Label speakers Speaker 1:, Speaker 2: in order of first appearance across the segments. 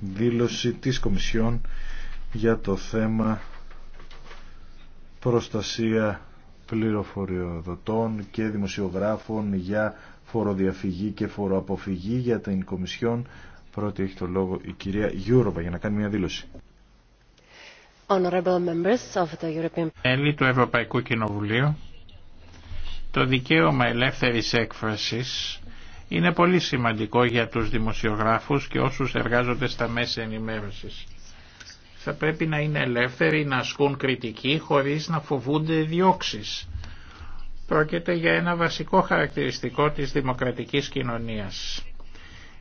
Speaker 1: δήλωση της Κομισιόν για το θέμα προστασία πληροφοριοδοτών και δημοσιογράφων για φοροδιαφυγή και φοροαποφυγή για την Κομισιόν. Πρώτη έχει το λόγο η κυρία Γιούροβα για να κάνει μια δήλωση.
Speaker 2: Μέλη του Ευρωπαϊκού Κοινοβουλίου, το δικαίωμα ελεύθερης έκφρασης είναι πολύ σημαντικό για τους δημοσιογράφους και όσους εργάζονται στα μέσα ενημέρωσης. Θα πρέπει να είναι ελεύθεροι να ασκούν κριτική χωρίς να φοβούνται διώξεις. Πρόκειται για ένα βασικό χαρακτηριστικό της δημοκρατικής κοινωνίας.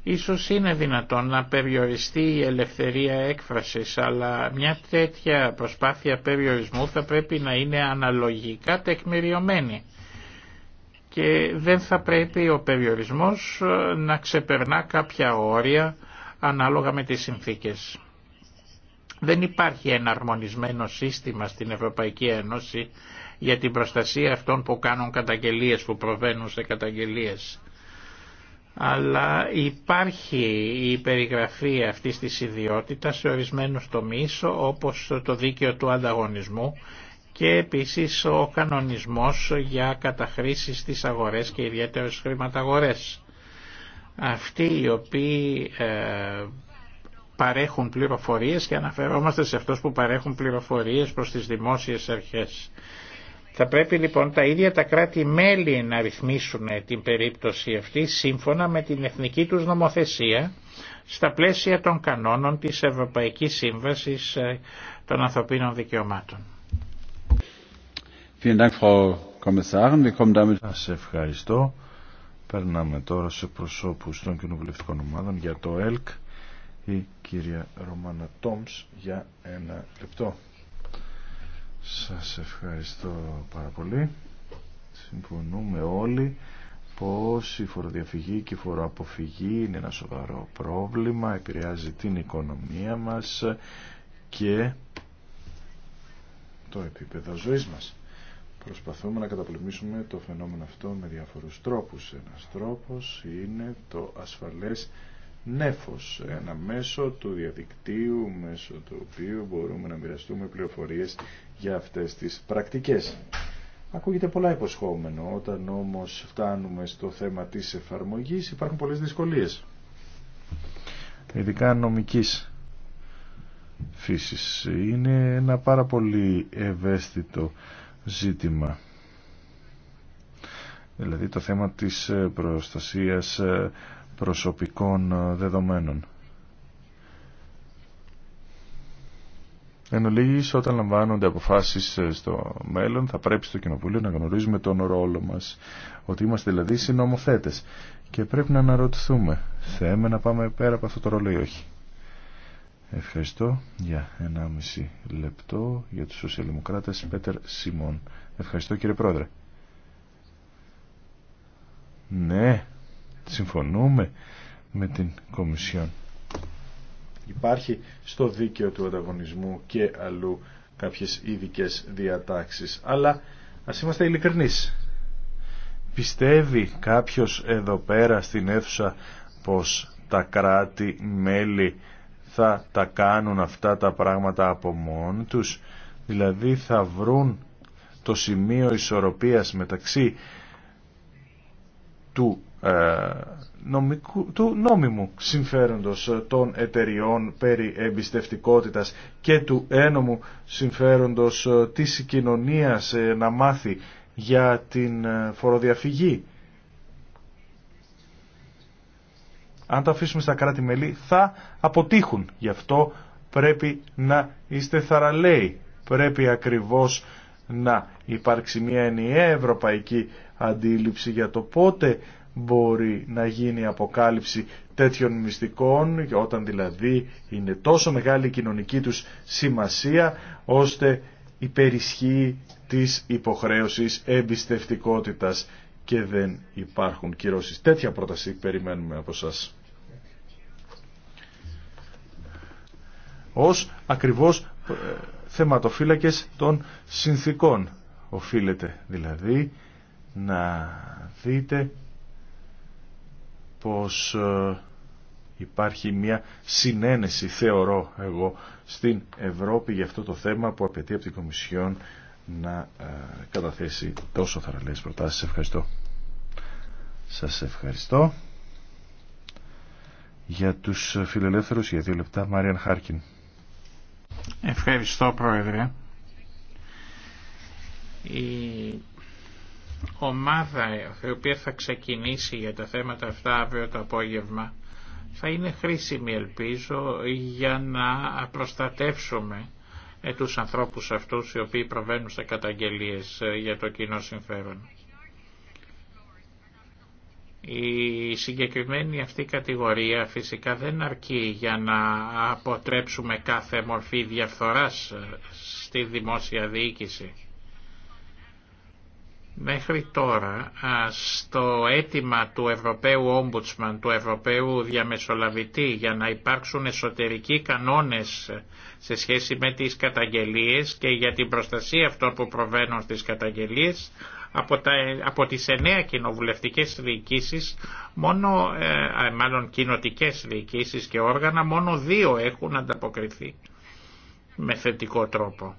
Speaker 2: Ίσως είναι δυνατόν να περιοριστεί η ελευθερία έκφρασης, αλλά μια τέτοια προσπάθεια περιορισμού θα πρέπει να είναι αναλογικά τεκμηριωμένη και δεν θα πρέπει ο περιορισμός ε, να ξεπερνά κάποια όρια ανάλογα με τις συνθήκες. Δεν υπάρχει ένα αρμονισμένο σύστημα στην Ευρωπαϊκή Ένωση για την προστασία αυτών που κάνουν καταγγελίες, που προβαίνουν σε καταγγελίες. Αλλά υπάρχει η περιγραφή αυτής της ιδιότητας σε ορισμένους τομείς όπως το δίκαιο του ανταγωνισμού και επίσης ο κανονισμός για καταχρήσει στις αγορές και ιδιαίτερε χρηματαγορές. Αυτοί οι οποίοι ε, παρέχουν πληροφορίες και αναφερόμαστε σε αυτούς που παρέχουν πληροφορίες προς τις δημόσιες αρχές. Θα πρέπει λοιπόν τα ίδια τα κράτη-μέλη να ρυθμίσουν την περίπτωση αυτή σύμφωνα με την εθνική τους νομοθεσία στα πλαίσια των κανόνων της Ευρωπαϊκής Σύμβασης ε, των Ανθρωπίνων Δικαιωμάτων.
Speaker 1: Vielen ευχαριστώ. Περνάμε τώρα σε προσώπους των κοινοβουλευτικών ομάδων για το ΕΛΚ η κυρία Ρωμάνα Τόμς για ένα λεπτό. Σας ευχαριστώ πάρα πολύ. Συμφωνούμε όλοι πως η φοροδιαφυγή και η φοροαποφυγή είναι ένα σοβαρό πρόβλημα, επηρεάζει την οικονομία μας και το επίπεδο ζωής μας. Προσπαθούμε να καταπολεμήσουμε το φαινόμενο αυτό με διάφορους τρόπους. Ένας τρόπος είναι το ασφαλές νέφος, ένα μέσο του διαδικτύου, μέσω του οποίου μπορούμε να μοιραστούμε πληροφορίες για αυτές τις πρακτικές. Ακούγεται πολλά υποσχόμενο, όταν όμως φτάνουμε στο θέμα της εφαρμογής υπάρχουν πολλές δυσκολίες. Ειδικά νομικής φύσης. Είναι ένα πάρα πολύ ευαίσθητο ζήτημα. Δηλαδή το θέμα της ε, προστασίας ε, προσωπικών ε, δεδομένων. Εν ολίγης, όταν λαμβάνονται αποφάσεις στο μέλλον, θα πρέπει στο Κοινοβούλιο να γνωρίζουμε τον ρόλο μας, ότι είμαστε δηλαδή συνομοθέτες. Και πρέπει να αναρωτηθούμε, θέμε να πάμε πέρα από αυτό το ρόλο ή όχι. Ευχαριστώ για 1,5 λεπτό για τους σοσιαλδημοκράτες Πέτερ Σιμών. Ευχαριστώ κύριε Πρόεδρε. Ναι, συμφωνούμε με την Κομισιόν. Υπάρχει στο δίκαιο του ανταγωνισμού και αλλού κάποιες ειδικέ διατάξεις. Αλλά ας είμαστε ειλικρινείς. Πιστεύει κάποιος εδώ πέρα στην αίθουσα πως τα κράτη-μέλη θα τα κάνουν αυτά τα πράγματα από μόνοι τους, δηλαδή θα βρουν το σημείο ισορροπίας μεταξύ του, ε, νομικού, του νόμιμου συμφέροντος των εταιριών περί εμπιστευτικότητας και του ένομου συμφέροντος ε, της κοινωνίας ε, να μάθει για την ε, φοροδιαφυγή Αν τα αφήσουμε στα κράτη-μέλη θα αποτύχουν. Γι' αυτό πρέπει να είστε θαραλέοι. Πρέπει ακριβώς να υπάρξει μια ενιαία ευρωπαϊκή αντίληψη για το πότε μπορεί να γίνει αποκάλυψη τέτοιων μυστικών όταν δηλαδή είναι τόσο μεγάλη η κοινωνική τους σημασία ώστε υπερισχύει της υποχρέωσης εμπιστευτικότητας και δεν υπάρχουν κυρώσεις. Τέτοια πρόταση περιμένουμε από σας. Ως ακριβώς ε, θεματοφύλακες των συνθήκων Οφείλεται, δηλαδή να δείτε πως ε, υπάρχει μια συνένεση θεωρώ εγώ στην Ευρώπη για αυτό το θέμα που απαιτεί από την Κομισιόν να ε, καταθέσει τόσο θαραλέες προτάσεις. Ευχαριστώ. Σας ευχαριστώ. Για τους φιλελεύθερους για δύο λεπτά, Μαριαν Χάρκιν.
Speaker 2: Ευχαριστώ Πρόεδρε. Η ομάδα η οποία θα ξεκινήσει για τα θέματα αυτά αύριο το απόγευμα θα είναι χρήσιμη ελπίζω για να προστατεύσουμε ε, τους ανθρώπους αυτούς οι οποίοι προβαίνουν σε καταγγελίες ε, για το κοινό συμφέρον. Η συγκεκριμένη αυτή κατηγορία φυσικά δεν αρκεί για να αποτρέψουμε κάθε μορφή διαφθοράς ε, στη δημόσια διοίκηση. Μέχρι τώρα, στο αίτημα του Ευρωπαίου Ομπουτσμαν, του Ευρωπαίου Διαμεσολαβητή για να υπάρξουν εσωτερικοί κανόνες σε σχέση με τις καταγγελίες και για την προστασία αυτών που προβαίνουν στις καταγγελίες, από, τα, από τις εννέα κοινοβουλευτικές διοικήσεις, μόνο, ε, μάλλον κοινοτικές διοικήσεις και όργανα, μόνο δύο έχουν ανταποκριθεί με θετικό τρόπο.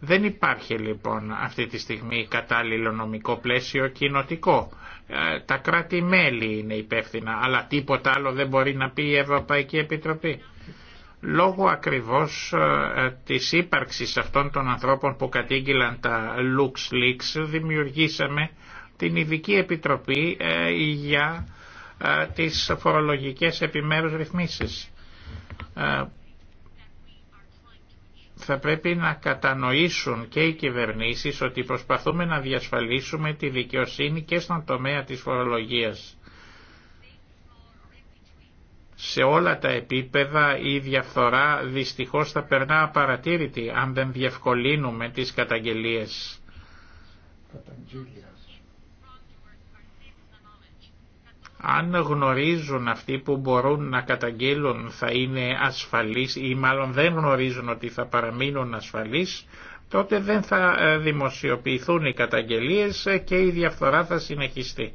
Speaker 2: Δεν υπάρχει λοιπόν αυτή τη στιγμή κατάλληλο νομικό πλαίσιο κοινοτικό. Ε, τα κράτη-μέλη είναι υπεύθυνα, αλλά τίποτα άλλο δεν μπορεί να πει η Ευρωπαϊκή Επιτροπή. Λόγω ακριβώς ε, της ύπαρξης αυτών των ανθρώπων που κατήγγυλαν τα LuxLeaks δημιουργήσαμε την Ειδική Επιτροπή ε, για τις φορολογικές επιμέρους ρυθμίσεις θα πρέπει να κατανοήσουν και οι κυβερνήσεις ότι προσπαθούμε να διασφαλίσουμε τη δικαιοσύνη και στον τομέα της φορολογίας. Σε όλα τα επίπεδα η διαφθορά δυστυχώς θα περνά απαρατήρητη αν δεν διευκολύνουμε τις καταγγελίες. αν γνωρίζουν αυτοί που μπορούν να καταγγείλουν θα είναι ασφαλείς ή μάλλον δεν γνωρίζουν ότι θα παραμείνουν ασφαλείς, τότε δεν θα ε, δημοσιοποιηθούν οι καταγγελίες ε, και η διαφθορά θα συνεχιστεί.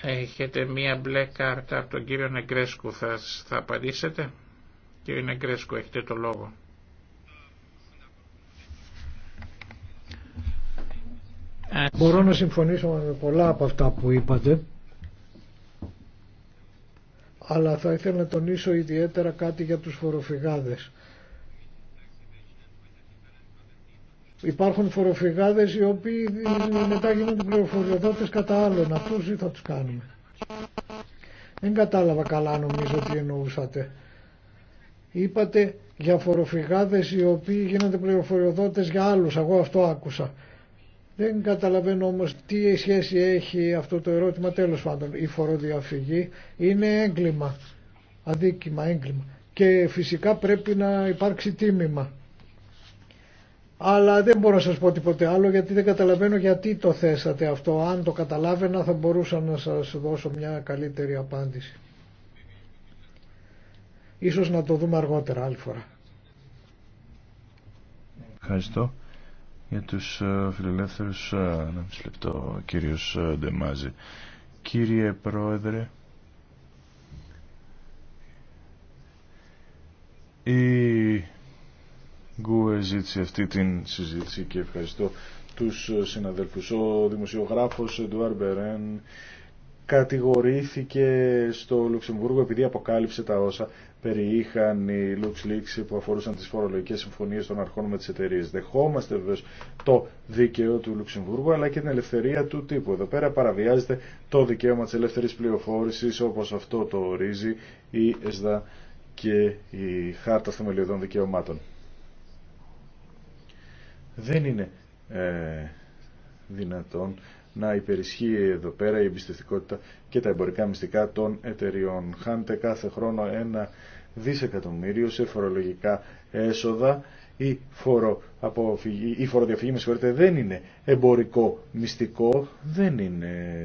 Speaker 2: Έχετε μία μπλε κάρτα από τον κύριο Νεγκρέσκου, θα, θα απαντήσετε. Κύριε Νεγκρέσκου, έχετε το λόγο.
Speaker 3: Μπορώ να συμφωνήσω με πολλά από αυτά που είπατε αλλά θα ήθελα να τονίσω ιδιαίτερα κάτι για τους φοροφυγάδες. Υπάρχουν φοροφυγάδες οι οποίοι μετά γίνονται πληροφοριοδότες κατά άλλων. Αυτούς ή θα τους κάνουμε. Δεν κατάλαβα καλά νομίζω τι εννοούσατε. Είπατε για φοροφυγάδες οι οποίοι γίνονται πληροφοριοδότες για άλλους. Εγώ αυτό άκουσα. Δεν καταλαβαίνω όμως τι σχέση έχει αυτό το ερώτημα τέλος πάντων. Η φοροδιαφυγή είναι έγκλημα, αδίκημα, έγκλημα και φυσικά πρέπει να υπάρξει τίμημα. Αλλά δεν μπορώ να σας πω τίποτε άλλο γιατί δεν καταλαβαίνω γιατί το θέσατε αυτό. Αν το καταλάβαινα θα μπορούσα να σας δώσω μια καλύτερη απάντηση. Ίσως να το δούμε αργότερα άλλη φορά.
Speaker 1: Ευχαριστώ. Για τους ε, φιλελεύθερους, ε, να μισή λεπτό, κύριος ε, Ντεμάζη. Κύριε Πρόεδρε, η Γκουε ζήτησε αυτή την συζήτηση και ευχαριστώ τους συναδέλφους. Ο δημοσιογράφος Εντουάρ Μπερέν κατηγορήθηκε στο Λουξεμβούργο επειδή αποκάλυψε τα όσα περιείχαν οι LuxLeaks που αφορούσαν τις φορολογικές συμφωνίες των αρχών με τις εταιρείε. Δεχόμαστε βεβαίω το δίκαιο του Λουξεμβούργου αλλά και την ελευθερία του τύπου. Εδώ πέρα παραβιάζεται το δικαίωμα της ελεύθερης πληροφόρησης όπως αυτό το ορίζει η ΕΣΔΑ και η Χάρτα Θεμελιωδών Δικαιωμάτων. Δεν είναι ε, δυνατόν να υπερισχύει εδώ πέρα η εμπιστευτικότητα και τα εμπορικά μυστικά των εταιριών. Χάνεται κάθε χρόνο ένα δισεκατομμύριο σε φορολογικά έσοδα ή, ή φοροδιαφυγή με συγχωρείτε, δεν είναι εμπορικό μυστικό, δεν είναι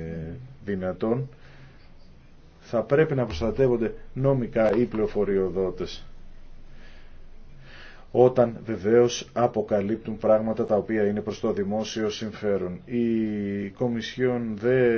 Speaker 1: δυνατόν. Θα πρέπει να προστατεύονται νομικά οι πληροφοριοδότες όταν βεβαίως αποκαλύπτουν πράγματα τα οποία είναι προς το δημόσιο συμφέρον. Η Κομισιόν δε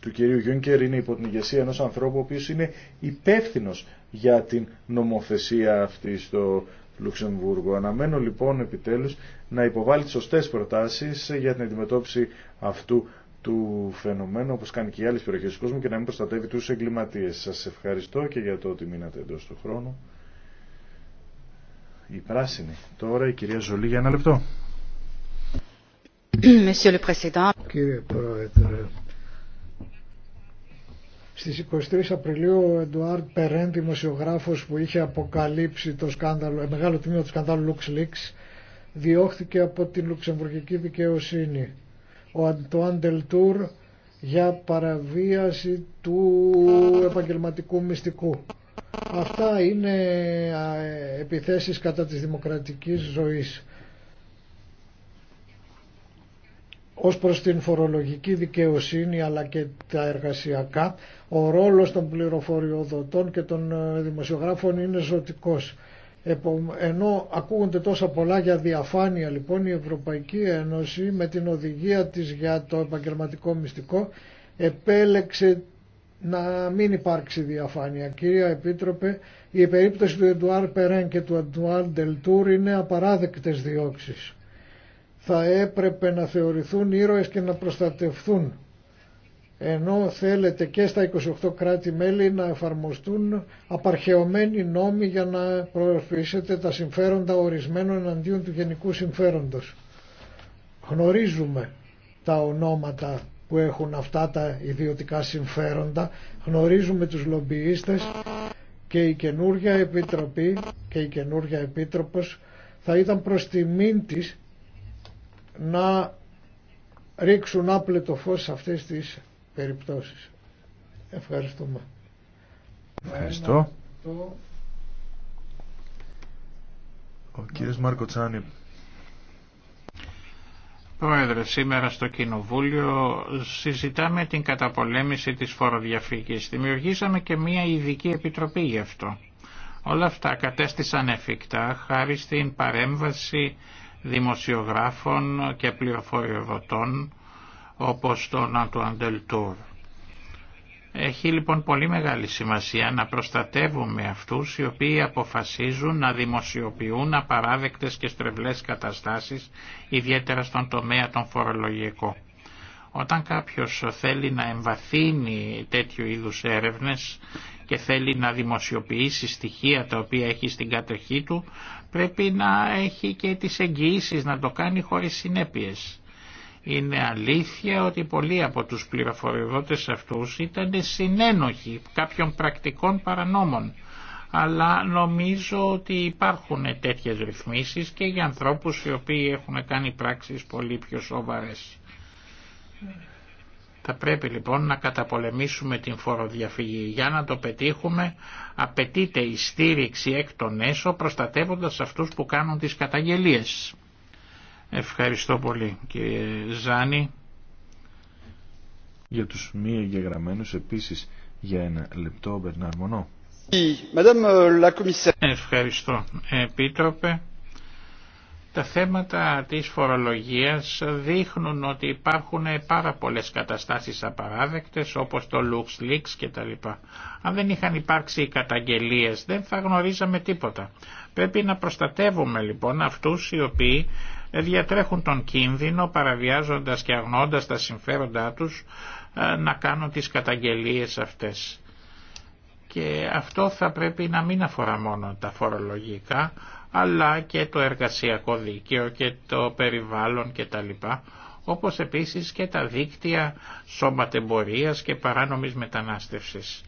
Speaker 1: του κυρίου Γιούνκερ είναι υπό την ηγεσία ενός ανθρώπου ο οποίος είναι υπεύθυνο για την νομοθεσία αυτή στο Λουξεμβούργο. Αναμένω λοιπόν επιτέλους να υποβάλει τις σωστές προτάσεις για την αντιμετώπιση αυτού του φαινομένου όπως κάνει και οι άλλες περιοχές του κόσμου και να μην προστατεύει τους εγκληματίες. Σας ευχαριστώ και για το ότι μείνατε εντός του χρόνου η πράσινη. Τώρα η κυρία Ζολή για ένα λεπτό. Κύριε Πρόεδρε,
Speaker 3: στις 23 Απριλίου ο Εντουάρντ Περέν, δημοσιογράφος που είχε αποκαλύψει το σκάνδαλο, ε, μεγάλο τμήμα του σκάνδαλου LuxLeaks, διώχθηκε από την Λουξεμβουργική Δικαιοσύνη. Ο Αντουάν Τελτούρ για παραβίαση του επαγγελματικού μυστικού. Αυτά είναι επιθέσεις κατά της δημοκρατικής ζωής. Ως προς την φορολογική δικαιοσύνη αλλά και τα εργασιακά, ο ρόλος των πληροφοριοδοτών και των ε, δημοσιογράφων είναι ζωτικός. Ενώ ακούγονται τόσα πολλά για διαφάνεια λοιπόν η Ευρωπαϊκή Ένωση με την οδηγία της για το επαγγελματικό μυστικό επέλεξε να μην υπάρξει διαφάνεια. Κυρία Επίτροπε, η περίπτωση του Εντουάρ Περέν και του Εντουάρ Ντελτούρ είναι απαράδεκτες διώξεις. Θα έπρεπε να θεωρηθούν ήρωες και να προστατευθούν ενώ θέλετε και στα 28 κράτη-μέλη να εφαρμοστούν απαρχαιωμένοι νόμοι για να προωθήσετε τα συμφέροντα ορισμένων εναντίον του γενικού συμφέροντος. Γνωρίζουμε τα ονόματα που έχουν αυτά τα ιδιωτικά συμφέροντα. Γνωρίζουμε τους λομπιίστες και η καινούργια επιτροπή και η καινούργια επίτροπος θα ήταν προς τιμήν να ρίξουν άπλετο φως σε αυτές τις περιπτώσεις. Ευχαριστούμε. Ευχαριστώ.
Speaker 1: Ο κύριος
Speaker 2: Πρόεδρε, σήμερα στο Κοινοβούλιο συζητάμε την καταπολέμηση της φοροδιαφυγής. Δημιουργήσαμε και μία ειδική επιτροπή γι' αυτό. Όλα αυτά κατέστησαν εφικτά χάρη στην παρέμβαση δημοσιογράφων και πληροφοριοδοτών όπως τον Αντουαντελτούρ. Έχει λοιπόν πολύ μεγάλη σημασία να προστατεύουμε αυτούς οι οποίοι αποφασίζουν να δημοσιοποιούν απαράδεκτες και στρεβλές καταστάσεις, ιδιαίτερα στον τομέα των φορολογικών. Όταν κάποιος θέλει να εμβαθύνει τέτοιου είδους έρευνες και θέλει να δημοσιοποιήσει στοιχεία τα οποία έχει στην κατοχή του, πρέπει να έχει και τις εγγυήσεις να το κάνει χωρίς συνέπειες. Είναι αλήθεια ότι πολλοί από τους πληροφοριοδότες αυτούς ήταν συνένοχοι κάποιων πρακτικών παρανόμων. Αλλά νομίζω ότι υπάρχουν τέτοιες ρυθμίσεις και για ανθρώπους οι οποίοι έχουν κάνει πράξεις πολύ πιο σοβαρές. Θα πρέπει λοιπόν να καταπολεμήσουμε την φοροδιαφυγή. Για να το πετύχουμε απαιτείται η στήριξη εκ των έσω προστατεύοντας αυτούς που κάνουν τις καταγγελίες. Ευχαριστώ πολύ κύριε Ζάνη. Για τους μη
Speaker 1: εγγεγραμμένους επίσης για ένα λεπτό Μπερνάρ Μονό.
Speaker 2: Ευχαριστώ. Επίτροπε, τα θέματα της φορολογίας δείχνουν ότι υπάρχουν πάρα πολλές καταστάσεις απαράδεκτες όπως το LuxLeaks κτλ. Αν δεν είχαν υπάρξει οι καταγγελίες δεν θα γνωρίζαμε τίποτα. Πρέπει να προστατεύουμε λοιπόν αυτούς οι οποίοι ε, διατρέχουν τον κίνδυνο παραβιάζοντας και αγνώντας τα συμφέροντά τους ε, να κάνουν τις καταγγελίες αυτές. Και αυτό θα πρέπει να μην αφορά μόνο τα φορολογικά, αλλά και το εργασιακό δίκαιο και το περιβάλλον κτλ. Όπως επίσης και τα δίκτυα σώματεμπορίας και παράνομης μετανάστευσης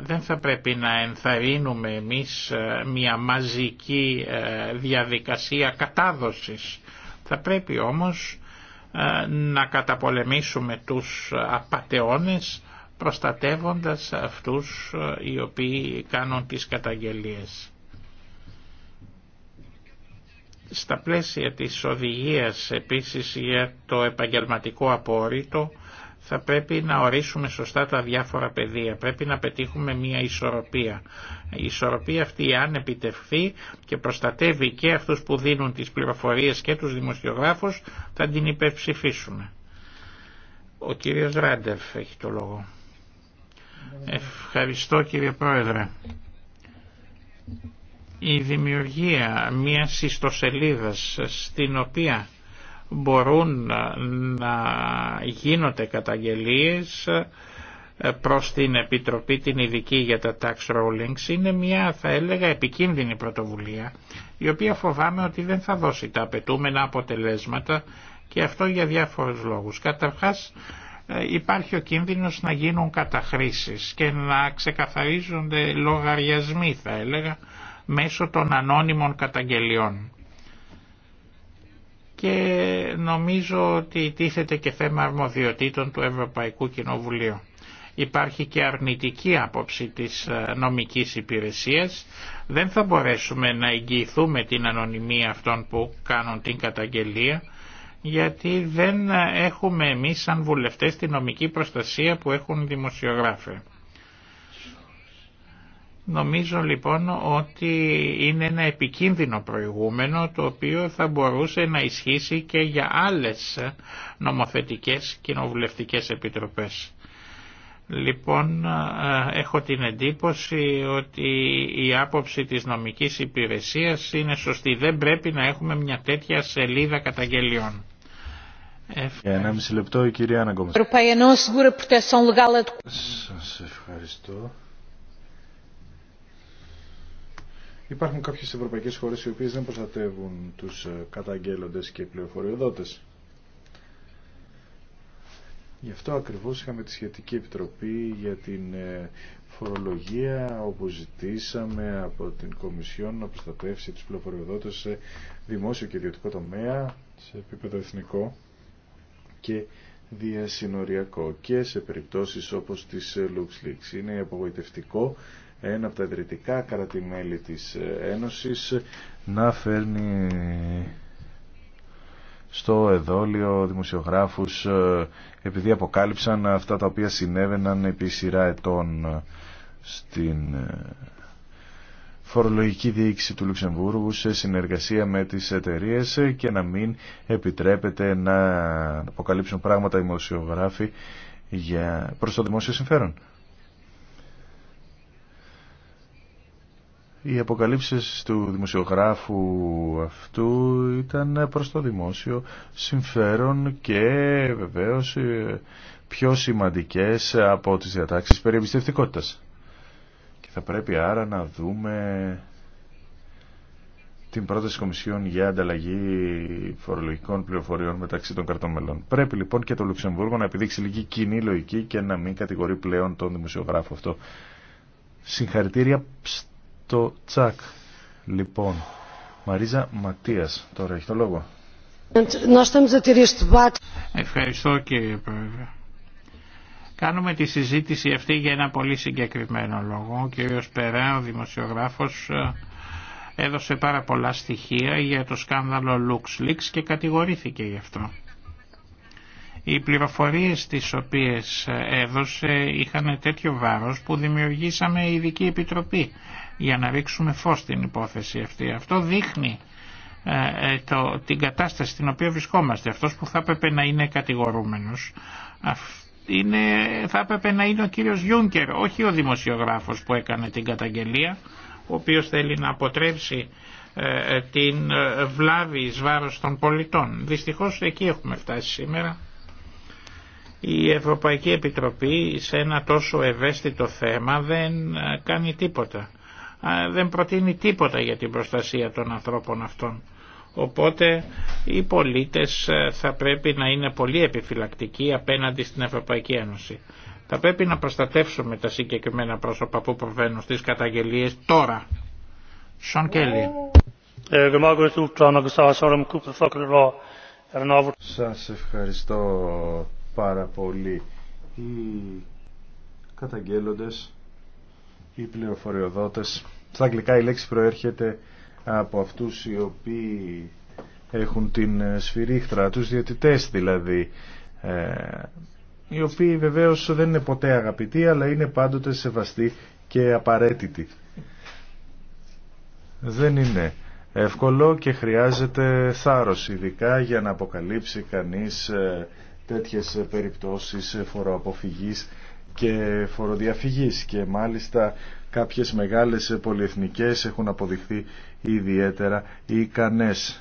Speaker 2: δεν θα πρέπει να ενθαρρύνουμε εμείς ε, μια μαζική ε, διαδικασία κατάδοσης. Θα πρέπει όμως ε, να καταπολεμήσουμε τους απατεώνες προστατεύοντας αυτούς οι οποίοι κάνουν τις καταγγελίες. Στα πλαίσια της οδηγίας επίσης για το επαγγελματικό απόρριτο θα πρέπει να ορίσουμε σωστά τα διάφορα πεδία. Πρέπει να πετύχουμε μια ισορροπία. Η ισορροπία αυτή αν επιτευχθεί και προστατεύει και αυτούς που δίνουν τις πληροφορίες και τους δημοσιογράφους θα την υπερψηφίσουμε. Ο κύριος Ράντεφ έχει το λόγο. Ευχαριστώ κύριε Πρόεδρε. Η δημιουργία μιας ιστοσελίδας στην οποία μπορούν να γίνονται καταγγελίες ε, προς την Επιτροπή την Ειδική για τα Tax Rollings είναι μια θα έλεγα επικίνδυνη πρωτοβουλία η οποία φοβάμαι ότι δεν θα δώσει τα απαιτούμενα αποτελέσματα και αυτό για διάφορους λόγους. Καταρχάς ε, υπάρχει ο κίνδυνος να γίνουν καταχρήσεις και να ξεκαθαρίζονται λογαριασμοί θα έλεγα μέσω των ανώνυμων καταγγελιών και νομίζω ότι τίθεται και θέμα αρμοδιοτήτων του Ευρωπαϊκού Κοινοβουλίου. Υπάρχει και αρνητική άποψη της ε, νομικής υπηρεσίας. Δεν θα μπορέσουμε να εγγυηθούμε την ανωνυμία αυτών που κάνουν την καταγγελία γιατί δεν ε, έχουμε εμείς σαν βουλευτές τη νομική προστασία που έχουν δημοσιογράφοι. Νομίζω λοιπόν ότι είναι ένα επικίνδυνο προηγούμενο το οποίο θα μπορούσε να ισχύσει και για άλλες νομοθετικές κοινοβουλευτικές επιτροπές. Λοιπόν, ε, έχω την εντύπωση ότι η άποψη της νομικής υπηρεσίας είναι σωστή. Δεν πρέπει να έχουμε μια τέτοια σελίδα καταγγελιών.
Speaker 1: λεπτό η κυρία ευχαριστώ. Υπάρχουν κάποιες ευρωπαϊκές χώρες οι οποίες δεν προστατεύουν τους ε, καταγγέλλοντες και πληροφοριοδότες. Γι' αυτό ακριβώς είχαμε τη σχετική επιτροπή για την ε, φορολογία όπου ζητήσαμε από την Κομισιόν να προστατεύσει τους πληροφοριοδότες σε δημόσιο και ιδιωτικό τομέα, σε επίπεδο εθνικό και διασυνοριακό και σε περιπτώσεις όπως της LuxLeaks. Είναι απογοητευτικό ένα από τα ιδρυτικά κράτη-μέλη της Ένωσης να φέρνει στο εδόλιο δημοσιογράφους ε, επειδή αποκάλυψαν αυτά τα οποία συνέβαιναν επί σειρά ετών στην ε, φορολογική διοίκηση του Λουξεμβούργου σε συνεργασία με τις εταιρείες και να μην επιτρέπεται να αποκαλύψουν πράγματα δημοσιογράφοι για... προς το δημόσιο συμφέρον. Οι αποκαλύψεις του δημοσιογράφου αυτού ήταν προς το δημόσιο συμφέρον και βεβαίως ε, πιο σημαντικές από τις διατάξεις περί εμπιστευτικότητας. Θα πρέπει άρα να δούμε την πρόταση Κομισιόν για ανταλλαγή φορολογικών πληροφοριών μεταξύ των κρατών μελών. Πρέπει λοιπόν και το Λουξεμβούργο να επιδείξει λίγη κοινή λογική και να μην κατηγορεί πλέον τον δημοσιογράφο αυτό. Συγχαρητήρια στο τσακ. Λοιπόν, Μαρίζα Ματίας, τώρα έχει το λόγο.
Speaker 2: Ευχαριστώ κύριε Πρόεδρε. Κάνουμε τη συζήτηση αυτή για ένα πολύ συγκεκριμένο λόγο. Ο κύριος Περά, ο δημοσιογράφος, ε, έδωσε πάρα πολλά στοιχεία για το σκάνδαλο LuxLeaks και κατηγορήθηκε γι' αυτό. Οι πληροφορίες τις οποίες έδωσε είχαν τέτοιο βάρος που δημιουργήσαμε ειδική επιτροπή για να ρίξουμε φως στην υπόθεση αυτή. Αυτό δείχνει ε, ε, την κατάσταση στην οποία βρισκόμαστε. Αυτός που θα έπρεπε να είναι κατηγορούμενος, είναι, θα έπρεπε να είναι ο κύριος Γιούνκερ, όχι ο δημοσιογράφος που έκανε την καταγγελία, ο οποίος θέλει να αποτρέψει ε, ε, την ε, βλάβη εις βάρος των πολιτών. Δυστυχώς εκεί έχουμε φτάσει σήμερα. Η Ευρωπαϊκή Επιτροπή σε ένα τόσο ευαίσθητο θέμα δεν κάνει τίποτα. Δεν προτείνει τίποτα για την προστασία των ανθρώπων αυτών. Οπότε οι πολίτες ε, θα πρέπει να είναι πολύ επιφυλακτικοί απέναντι στην Ευρωπαϊκή Ένωση. Θα πρέπει να προστατεύσουμε τα συγκεκριμένα πρόσωπα που προβαίνουν στις καταγγελίες τώρα. Σον Κέλλη. Ε,
Speaker 1: σας ευχαριστώ πάρα πολύ. Οι καταγγέλλοντες, οι πληροφοριοδότες, στα αγγλικά η λέξη προέρχεται από αυτούς οι οποίοι έχουν την ε, σφυρίχτρα, τους διαιτητές δηλαδή, ε, οι οποίοι βεβαίως δεν είναι ποτέ αγαπητοί αλλά είναι πάντοτε σεβαστοί και απαραίτητοι. Δεν είναι εύκολο και χρειάζεται θάρρος ειδικά για να αποκαλύψει κανείς ε, τέτοιες περιπτώσεις φοροαποφυγής και φοροδιαφυγής και μάλιστα κάποιες μεγάλες πολυεθνικές έχουν αποδειχθεί ιδιαίτερα ικανές.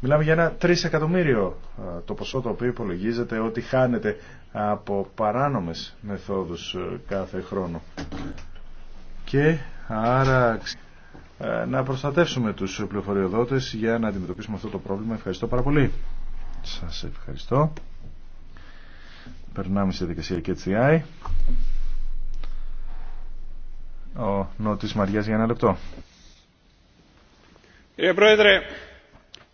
Speaker 1: Μιλάμε για ένα 3 εκατομμύριο το ποσό το οποίο υπολογίζεται ότι χάνεται από παράνομες μεθόδους κάθε χρόνο. Και άρα να προστατεύσουμε τους πληροφοριοδότες για να αντιμετωπίσουμε αυτό το πρόβλημα. Ευχαριστώ πάρα πολύ. Σας ευχαριστώ. Περνάμε σε δικασία και Ο Νότης Μαριάς για ένα λεπτό.
Speaker 4: Κύριε Πρόεδρε,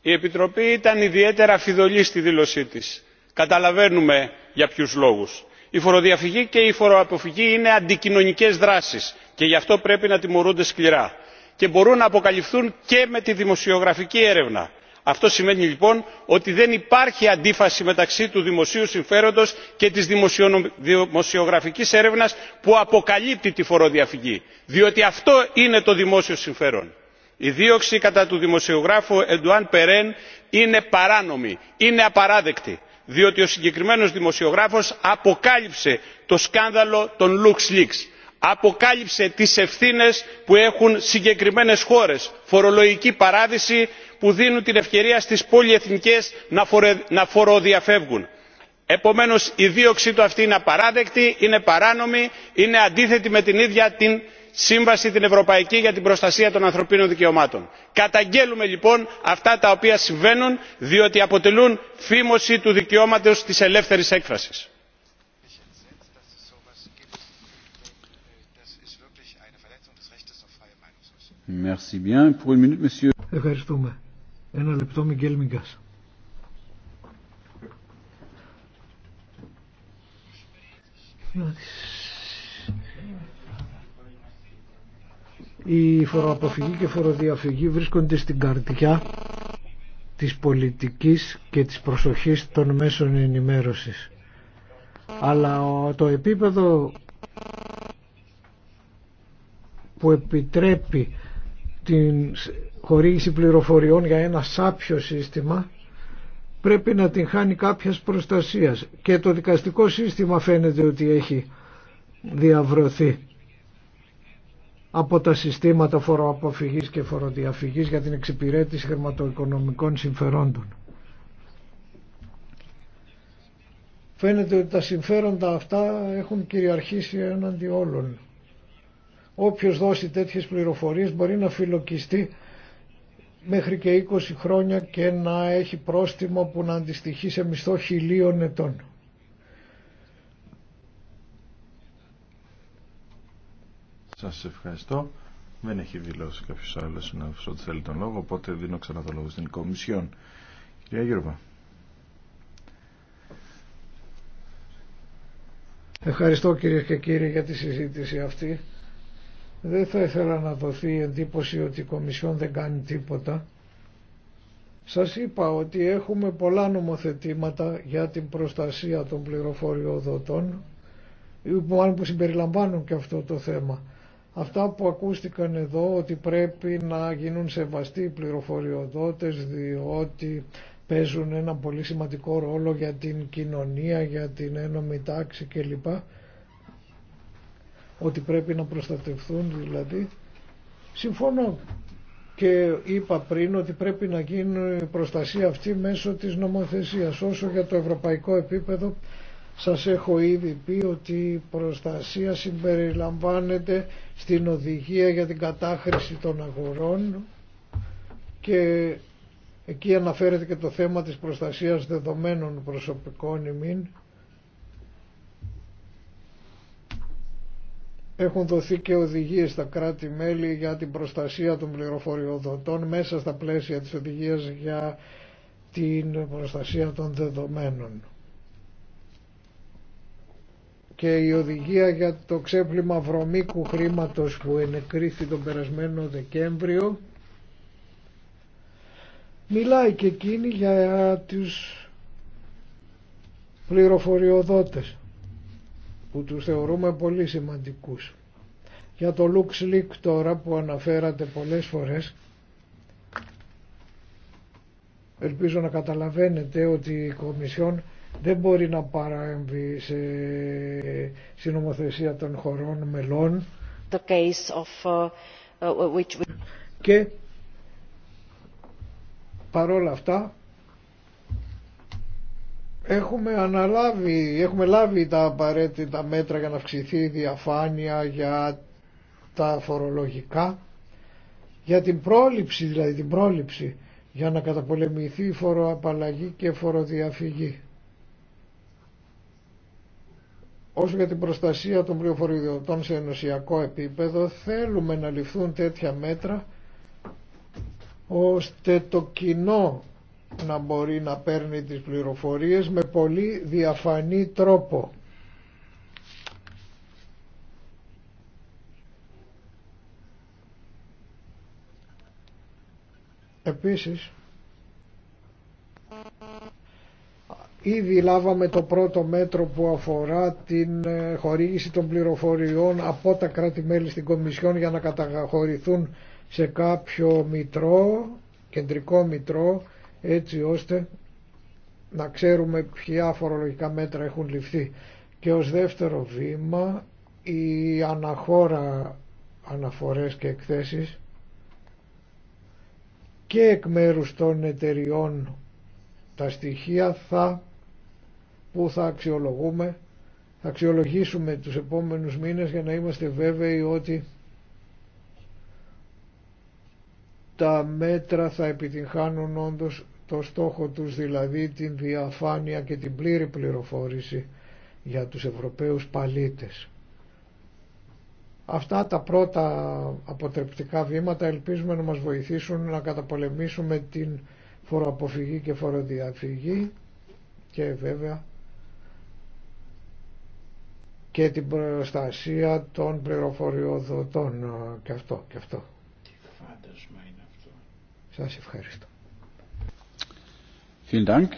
Speaker 4: η Επιτροπή ήταν ιδιαίτερα φιδωλή στη δήλωσή της. Καταλαβαίνουμε για ποιους λόγους. Η φοροδιαφυγή και η φοροαποφυγή είναι αντικοινωνικές δράσεις και γι' αυτό πρέπει να τιμωρούνται σκληρά. Και μπορούν να αποκαλυφθούν και με τη δημοσιογραφική έρευνα αυτό σημαίνει λοιπόν ότι δεν υπάρχει αντίφαση μεταξύ του δημοσίου συμφέροντος και της δημοσιογραφικής έρευνας που αποκαλύπτει τη φοροδιαφυγή διότι αυτό είναι το δημόσιο συμφέρον. η δίωξη κατά του δημοσιογράφου Εντουάν περέν είναι παράνομη είναι απαράδεκτη διότι ο συγκεκριμένος δημοσιογράφος αποκάλυψε το σκάνδαλο των luxleaks αποκάλυψε τις ευθύνες που έχουν συγκεκριμένες χώρες φορολογική παράδειση που δίνουν την ευκαιρία στις πολυεθνικές να φοροδιαφεύγουν. επομένως η δίωξή του αυτή είναι απαράδεκτη είναι παράνομη είναι αντίθετη με την ίδια την σύμβαση την ευρωπαϊκή για την προστασία των ανθρωπίνων δικαιωμάτων. Καταγγέλουμε, λοιπόν αυτά τα οποία συμβαίνουν διότι αποτελούν φήμωση του δικαιώματος της ελεύθερης έκφρασης.
Speaker 3: Ευχαριστούμε. Ένα λεπτό Μιγγέλ Μιγκάς. Η φοροαποφυγή και φοροδιαφυγή βρίσκονται στην καρδιά της πολιτικής και της προσοχής των μέσων ενημέρωσης. Αλλά το επίπεδο που επιτρέπει την χορήγηση πληροφοριών για ένα σάπιο σύστημα πρέπει να την χάνει κάποιας προστασίας και το δικαστικό σύστημα φαίνεται ότι έχει διαβρωθεί από τα συστήματα φοροαποφυγής και φοροδιαφυγής για την εξυπηρέτηση χρηματοοικονομικών συμφερόντων. Φαίνεται ότι τα συμφέροντα αυτά έχουν κυριαρχήσει έναντι όλων. Όποιος δώσει τέτοιες πληροφορίες μπορεί να φιλοκιστεί μέχρι και 20 χρόνια και να έχει πρόστιμο που να αντιστοιχεί σε μισθό χιλίων ετών.
Speaker 1: Σας ευχαριστώ. Δεν έχει δηλώσει κάποιος άλλος να ότι θέλει τον λόγο, οπότε δίνω ξανά το λόγο στην Κομισιόν. Κυρία Γιώργα.
Speaker 3: Ευχαριστώ κύριε και κύριοι για τη συζήτηση αυτή. Δεν θα ήθελα να δοθεί εντύπωση ότι η Κομισιόν δεν κάνει τίποτα. Σας είπα ότι έχουμε πολλά νομοθετήματα για την προστασία των πληροφοριοδοτών που συμπεριλαμβάνουν και αυτό το θέμα. Αυτά που ακούστηκαν εδώ ότι πρέπει να γίνουν σεβαστοί οι πληροφοριοδότες διότι παίζουν ένα πολύ σημαντικό ρόλο για την κοινωνία, για την ένωμη τάξη κλπ ότι πρέπει να προστατευθούν δηλαδή. Συμφωνώ και είπα πριν ότι πρέπει να γίνει προστασία αυτή μέσω της νομοθεσίας. Όσο για το ευρωπαϊκό επίπεδο σας έχω ήδη πει ότι η προστασία συμπεριλαμβάνεται στην οδηγία για την κατάχρηση των αγορών και εκεί αναφέρεται και το θέμα της προστασίας δεδομένων προσωπικών ημίν Έχουν δοθεί και οδηγίες στα κράτη-μέλη για την προστασία των πληροφοριοδοτών μέσα στα πλαίσια της οδηγίας για την προστασία των δεδομένων. Και η οδηγία για το ξέπλυμα βρωμίκου χρήματος που ενεκρίθη τον περασμένο Δεκέμβριο μιλάει και εκείνη για τους πληροφοριοδότες που τους θεωρούμε πολύ σημαντικούς. Για το Λουξ τώρα που αναφέρατε πολλές φορές, ελπίζω να καταλαβαίνετε ότι η Κομισιόν δεν μπορεί να παραέμβει σε συνομοθεσία των χωρών μελών
Speaker 1: The case of, uh, uh, which...
Speaker 3: και παρόλα αυτά Έχουμε αναλάβει, έχουμε λάβει τα απαραίτητα μέτρα για να αυξηθεί η διαφάνεια για τα φορολογικά, για την πρόληψη, δηλαδή την πρόληψη, για να καταπολεμηθεί η φοροαπαλλαγή και φοροδιαφυγή. Όσο για την προστασία των πληροφοριδιωτών σε ενωσιακό επίπεδο, θέλουμε να ληφθούν τέτοια μέτρα ώστε το κοινό να μπορεί να παίρνει τις πληροφορίες με πολύ διαφανή τρόπο. Επίσης, ήδη λάβαμε το πρώτο μέτρο που αφορά την ε, χορήγηση των πληροφοριών από τα κράτη-μέλη στην Κομισιόν για να καταχωρηθούν σε κάποιο μητρό, κεντρικό μητρό, έτσι ώστε να ξέρουμε ποια φορολογικά μέτρα έχουν ληφθεί. Και ως δεύτερο βήμα η αναχώρα αναφορές και εκθέσεις και εκ μέρους των εταιριών τα στοιχεία θα, που θα αξιολογούμε, θα αξιολογήσουμε τους επόμενους μήνες για να είμαστε βέβαιοι ότι τα μέτρα θα επιτυγχάνουν όντως το στόχο τους, δηλαδή την διαφάνεια και την πλήρη πληροφόρηση για τους Ευρωπαίους παλίτες. Αυτά τα πρώτα αποτρεπτικά βήματα ελπίζουμε να μας βοηθήσουν να καταπολεμήσουμε την φοροαποφυγή και φοροδιαφυγή και βέβαια και την προστασία των πληροφοριοδοτών και αυτό και αυτό. Σας
Speaker 1: ευχαριστώ. Ευχαριστώ.